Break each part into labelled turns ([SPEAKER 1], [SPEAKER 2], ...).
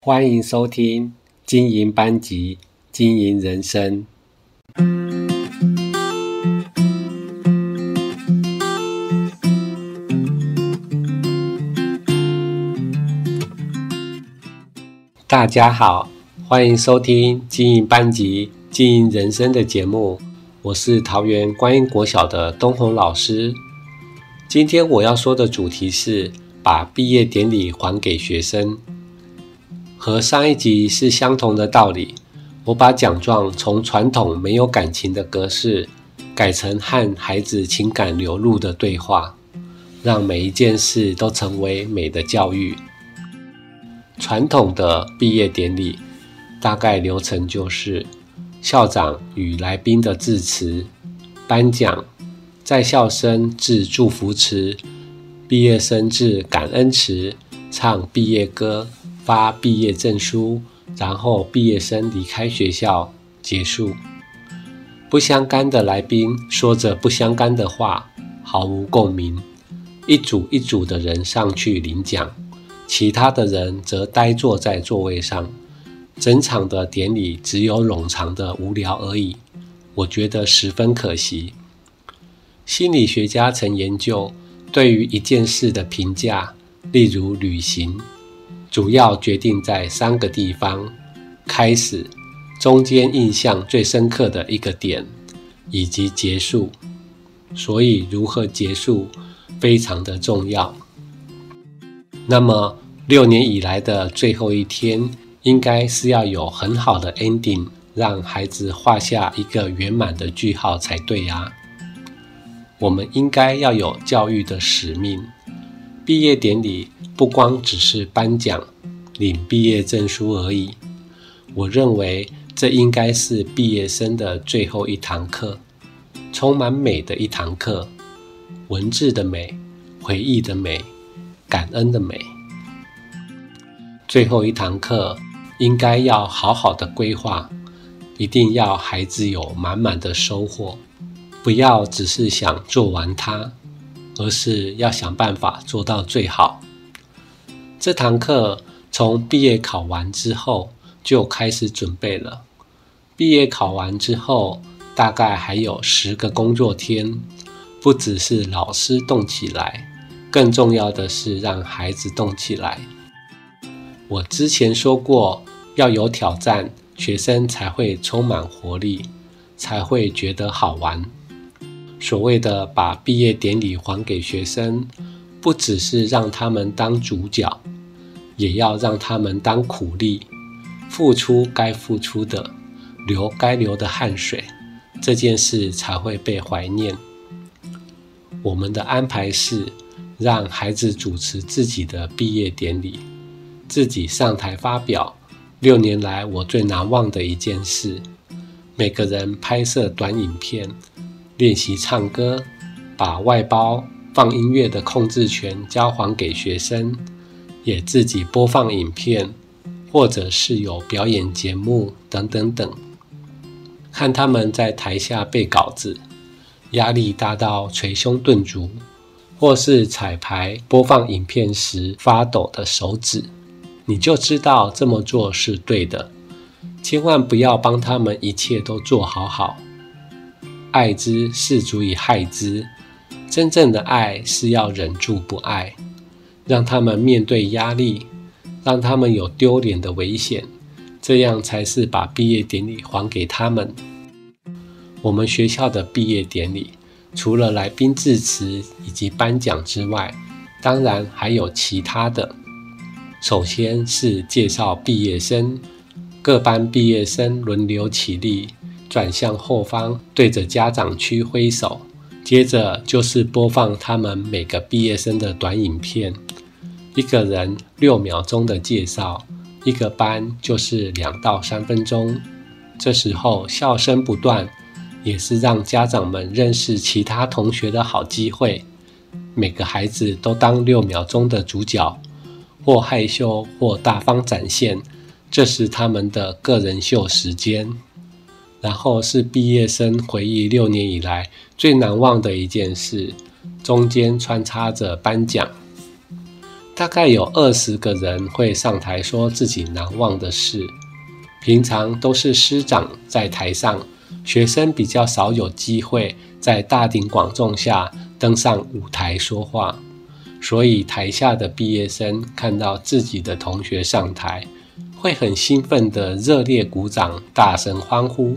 [SPEAKER 1] 歡迎收聽《經營班級，經營人生》。大家好，歡迎收聽《經營班級，經營人生》的節目。我是桃園觀音國小的東紅老師。今天我要說的主題是：把畢業典禮還給學生。和上一集是相同的道理。我把獎狀從傳統沒有感情的格式，改成和孩子情感流露的對話，讓每一件事都成為美的教育。傳統的畢業典禮大概流程就是：校長與來賓的致辭、頒獎、在校生致祝福詞、畢業生致感恩詞、唱畢業歌。發畢業證書，然後畢業生離開學校，結束。不相干的來賓說着不相干的話，毫無共鳴。一組一組的人上去領獎，其他的人則呆坐在座位上。整場的典禮只有冗長的無聊而已，我覺得十分可惜。心理學家曾研究，對於一件事的評價，例如旅行。主要決定在三個地方：開始、中間印象最深刻的一個點，以及結束。所以，如何結束非常的重要。那麼，六年以來的最後一天，應該是要有很好的 ending，讓孩子畫下一個圓滿的句號才對啊！我們應該要有教育的使命。畢業典禮不光只是頒獎、領畢業證書而已。我認為這應該是畢業生的最後一堂課，充滿美的一堂課，文字的美、回憶的美、感恩的美。最後一堂課應該要好好的規劃，一定要孩子有滿滿的收穫，不要只是想做完它。而是要想辦法做到最好。這堂課從畢業考完之後就開始準備了。畢業考完之後，大概還有十個工作天，不只是老師動起來，更重要的是讓孩子動起來。我之前說過，要有挑戰，學生才會充滿活力，才會覺得好玩。所謂的把畢業典禮還給學生，不只是讓他們當主角，也要讓他們當苦力，付出該付出的，流該流的汗水，這件事才會被懷念。我們的安排是讓孩子主持自己的畢業典禮，自己上台發表，六年來我最難忘的一件事，每個人拍攝短影片。練習唱歌，把外包放音樂的控制權交還給學生，也自己播放影片，或者是有表演節目等等等。看他們在台下背稿子，壓力大到捶胸頓足，或是彩排播放影片時發抖的手指，你就知道這麼做是對的。千萬不要幫他們一切都做好好。愛之適足以害之。真正的愛是要忍住不愛，讓他們面對壓力，讓他們有丟臉的危險，這樣才是把畢業典禮還給他們。我們學校的畢業典禮，除了來賓致辭以及頒獎之外，當然還有其他的。首先是介紹畢業生，各班畢業生輪流起立。轉向後方，對着家長區揮手，接着就是播放他們每個畢業生的短影片，一個人六秒鐘的介紹，一個班就是兩到三分鐘。這時候笑聲不斷，也是讓家長們認識其他同學的好機會。每個孩子都當六秒鐘的主角，或害羞或大方展現，這是他們的個人秀時間。然後是畢業生回憶六年以來最難忘的一件事，中間穿插着頒獎，大概有二十個人會上台說自己難忘的事。平常都是師長在台上，學生比較少有機會在大庭廣眾下登上舞台說話，所以台下的畢業生看到自己的同學上台，會很興奮地熱烈鼓掌，大聲歡呼，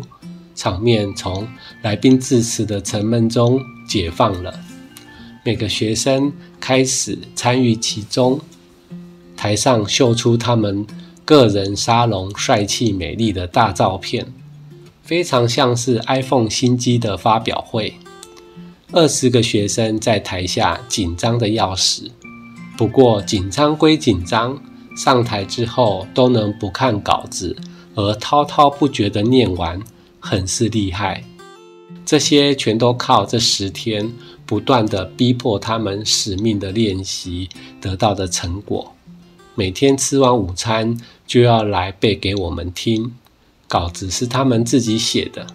[SPEAKER 1] 場面從來賓致辭的沉悶中解放了。每個學生開始參與其中，台上秀出他們個人沙龍帥氣美麗的大照片，非常像是 iPhone 新機的發表會。二十個學生在台下緊張的要死，不過緊張歸緊張。上台之後都能不看稿子而滔滔不絕地念完，很是厲害。這些全都靠這十天不斷地逼迫他們使命的練習得到的成果。每天吃完午餐就要來背給我們聽，稿子是他們自己寫的。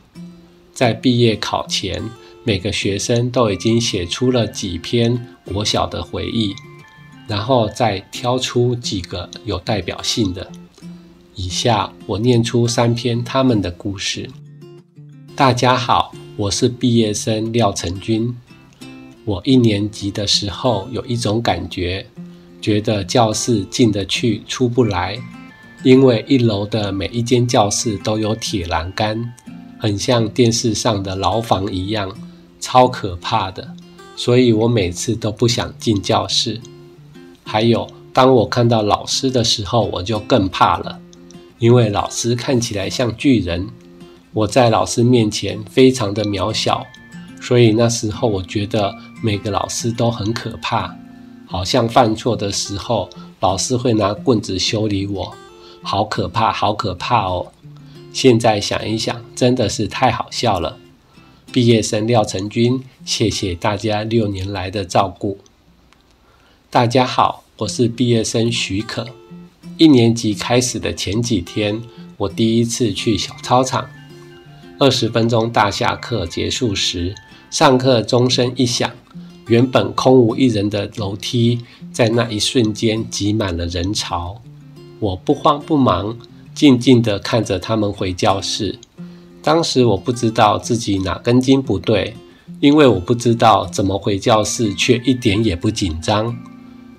[SPEAKER 1] 在畢業考前，每個學生都已經寫出了幾篇國小的回憶。然後再挑出幾個有代表性的。以下我念出三篇他們的故事。大家好，我是畢業生廖成軍。我一年級的時候有一種感覺，覺得教室進得去出不來，因為一樓的每一間教室都有鐵欄杆，很像電視上的牢房一樣，超可怕的。所以我每次都不想進教室。還有，當我看到老師的時候，我就更怕了，因為老師看起來像巨人，我在老師面前非常的渺小，所以那時候我覺得每個老師都很可怕，好像犯錯的時候老師會拿棍子修理我，好可怕，好可怕哦！現在想一想，真的是太好笑了。畢業生廖成軍，謝謝大家六年來的照顧。大家好，我是畢業生許可。一年級開始的前幾天，我第一次去小操場。二十分鐘大下課結束時，上課鐘聲一響，原本空無一人的樓梯，在那一瞬間擠滿了人潮。我不慌不忙，靜靜地看着他們回教室。當時我不知道自己哪根筋不對，因為我不知道怎麼回教室，卻一點也不緊張。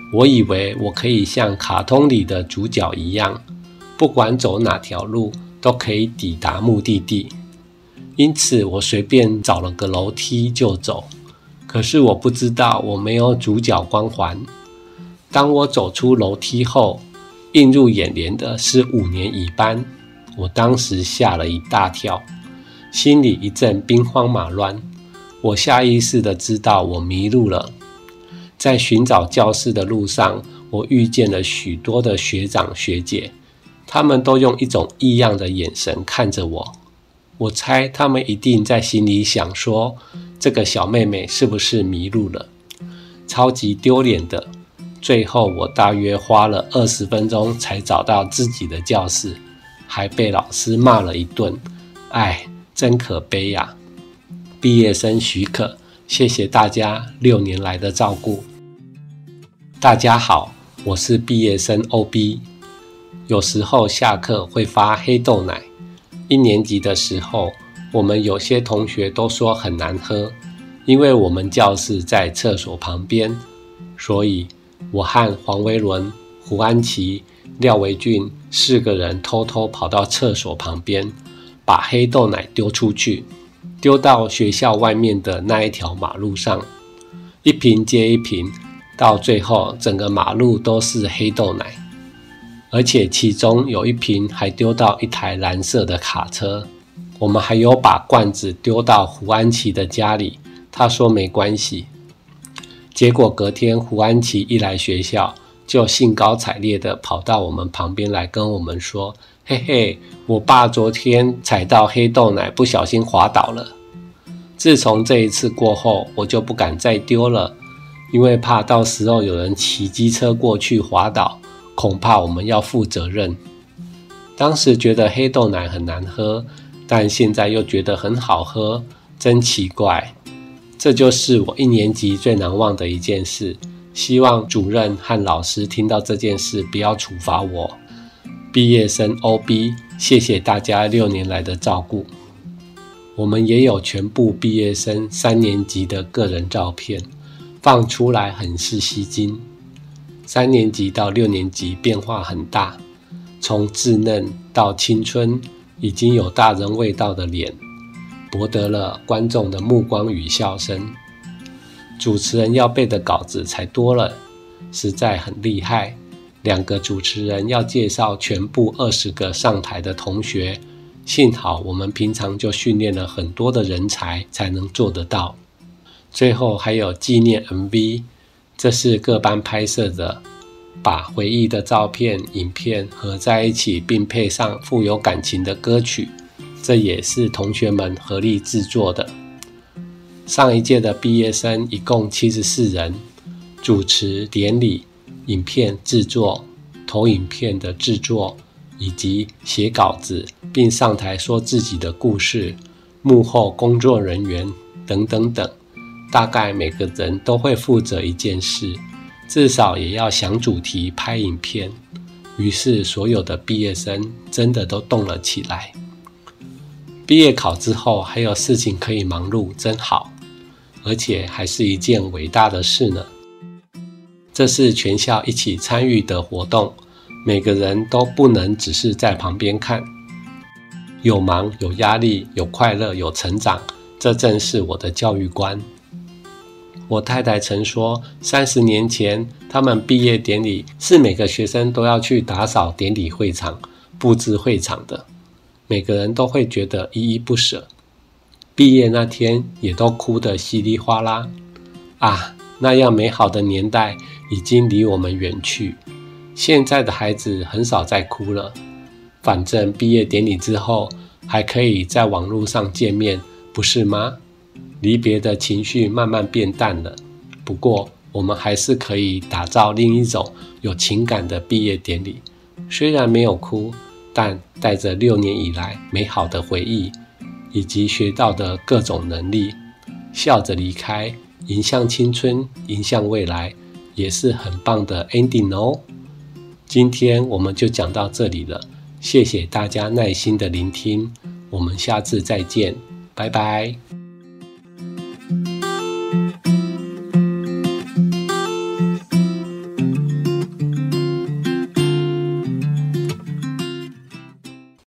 [SPEAKER 1] 我以為我可以像卡通裡的主角一樣，不管走哪條路都可以抵達目的地，因此我隨便找了個樓梯就走。可是我不知道我沒有主角光環。當我走出樓梯後，映入眼簾的是五年乙班，我當時嚇了一大跳，心裡一陣兵荒馬亂。我下意識的知道我迷路了。在尋找教室的路上，我遇見了許多的學長學姐，他們都用一種異樣的眼神看着我。我猜他們一定在心裡想說：“這個小妹妹是不是迷路了？超級丟臉的。”最後，我大約花了二十分鐘才找到自己的教室，還被老師罵了一頓。唉，真可悲呀！啊！畢業生許可。謝謝大家六年來的照顧。大家好，我是畢業生 OB。有時候下課會發黑豆奶。一年級的時候，我們有些同學都說很難喝，因為我們教室在廁所旁邊，所以我和黃維倫、胡安琪、廖維俊四個人偷偷跑到廁所旁邊，把黑豆奶丟出去。丟到學校外面的那一條馬路上，一瓶接一瓶，到最後整個馬路都是黑豆奶，而且其中有一瓶還丟到一台藍色的卡車。我們還有把罐子丟到胡安琪的家裡，他說沒關係。結果隔天胡安琪一來學校，就興高采烈地跑到我們旁邊來跟我們說。嘿嘿，我爸昨天踩到黑豆奶，不小心滑倒了。自從這一次過後，我就不敢再丟了，因為怕到時候有人騎機車過去滑倒，恐怕我們要負責任。當時覺得黑豆奶很難喝，但現在又覺得很好喝，真奇怪。這就是我一年級最難忘的一件事，希望主任和老師聽到這件事，不要處罰我。畢業生 OB，謝謝大家六年來的照顧。我們也有全部畢業生三年級的個人照片，放出來很是吸睛。三年級到六年級變化很大，從稚嫩到青春，已經有大人味道的臉，博得了觀眾的目光與笑聲。主持人要背的稿子才多了，實在很厲害。兩個主持人要介紹全部二十個上台的同學，幸好我們平常就訓練了很多的人才，才能做得到。最後還有紀念 MV，這是各班拍攝的，把回憶的照片、影片合在一起，並配上富有感情的歌曲，這也是同學們合力制作的。上一屆的畢業生一共七十四人，主持典禮。影片製作、投影片的製作，以及寫稿子，並上台說自己的故事，幕後工作人員等等等，大概每個人都會負責一件事，至少也要想主題、拍影片。於是，所有的畢業生真的都動了起來。畢業考之後還有事情可以忙碌，真好，而且還是一件偉大的事呢。這是全校一起參與的活動，每個人都不能只是在旁邊看。有忙，有壓力，有快樂，有成長，這正是我的教育觀。我太太曾說，三十年前他們畢業典禮是每個學生都要去打掃典禮會場、布置會場的，每個人都會覺得依依不捨，畢業那天也都哭得稀里嘩啦啊。那樣美好的年代已經離我們遠去，現在的孩子很少再哭了。反正畢業典禮之後還可以在網絡上見面，不是嗎？離別的情緒慢慢變淡了。不過，我們還是可以打造另一種有情感的畢業典禮。雖然沒有哭，但帶着六年以來美好的回憶以及學到的各種能力，笑着離開。迎向青春，迎向未來，也是很棒的 Ending 哦。今天我們就講到這裡了，謝謝大家耐心的聆聽，我們下次再見，拜拜。